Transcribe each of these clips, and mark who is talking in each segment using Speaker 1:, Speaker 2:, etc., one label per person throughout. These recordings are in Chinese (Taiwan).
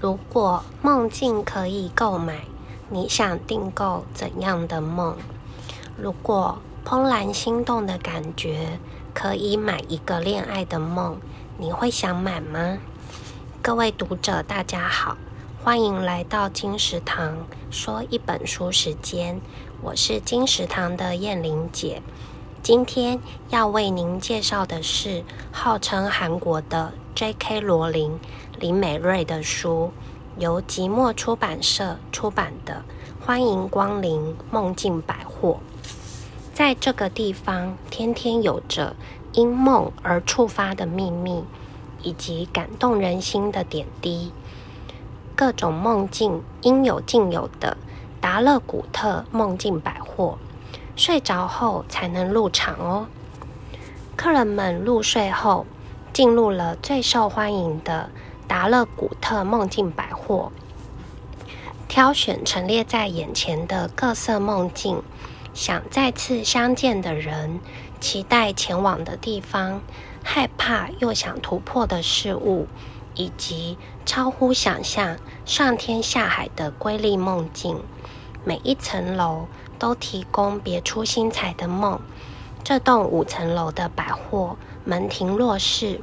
Speaker 1: 如果夢境可以購買，你想訂購怎樣的夢？如果怦然心動的感覺可以買一個戀愛的夢，你會想買嗎？各位讀者，大家好，歡迎來到金石堂說一本書時間，我是金石堂的燕玲姐。今天要為您介紹的是號稱韓國的 J.K. 羅琳李美芮的書，由寂寞出版社出版的《歡迎光臨夢境百貨》。在這個地方，天天有着因夢而觸發的秘密，以及感動人心的點滴。各種夢境應有盡有的達勒古特夢境百貨。睡着後才能入場哦。客人們入睡後，進入了最受歡迎的達勒古特夢境百貨，挑選陳列在眼前的各色夢境，想再次相見的人，期待前往的地方，害怕又想突破的事物，以及超乎想象上天下海的瑰麗夢境。每一層樓都提供別出心裁的夢。這棟五層樓的百貨門庭若市，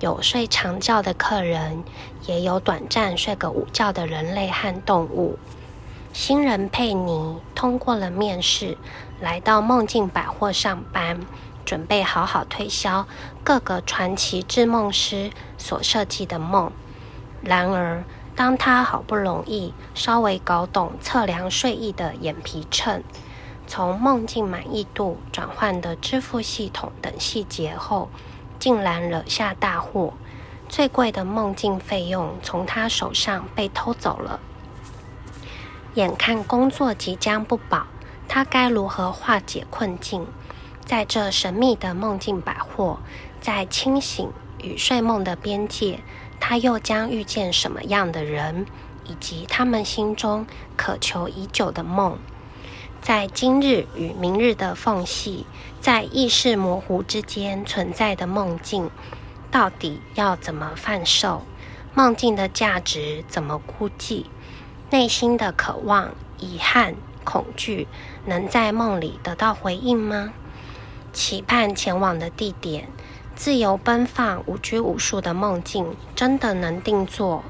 Speaker 1: 有睡長覺的客人，也有短暫睡個午覺的人類和動物。新人佩妮通過了面試，來到夢境百貨上班，準備好好推銷各個傳奇制夢師所設計的夢。然而，當他好不容易稍微搞懂測量睡意的眼皮秤、從夢境滿意度轉換的支付系統等細節後，竟然惹下大禍，最貴的夢境費用從他手上被偷走了。眼看工作即將不保，他該如何化解困境？在這神秘的夢境百貨，在清醒與睡夢的邊界。他又將遇見什麼樣的人，以及他們心中渴求已久的夢，在今日與明日的縫隙，在意識模糊之間存在的夢境，到底要怎麼販售？夢境的價值怎麼估計？內心的渴望、遺憾、恐懼，能在夢裡得到回應嗎？期盼前往的地點。自由奔放、無拘無束的夢境，真的能定做？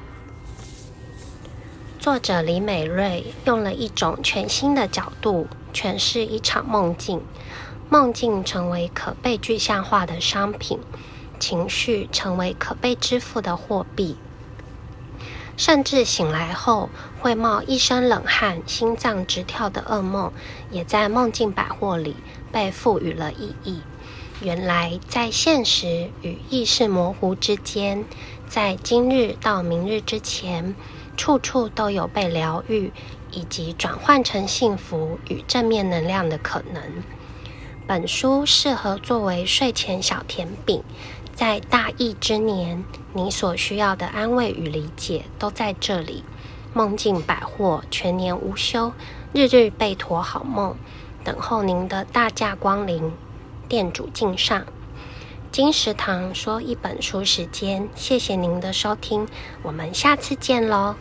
Speaker 1: 作者李美瑞用了一種全新的角度詮釋一場夢境：夢境成為可被具象化的商品，情緒成為可被支付的貨幣，甚至醒來後會冒一身冷汗、心臟直跳的噩夢，也在夢境百貨裡被賦予了意義。原來在現實與意識模糊之間，在今日到明日之前，處處都有被療癒以及轉換成幸福與正面能量的可能。本書適合作為睡前小甜餅。在大疫之年，你所需要的安慰與理解都在這裡。夢境百貨全年無休，日日備妥好夢，等候您的大駕光臨。店主敬上，金石堂說一本書時間，謝謝您的收聽，我們下次見嘍。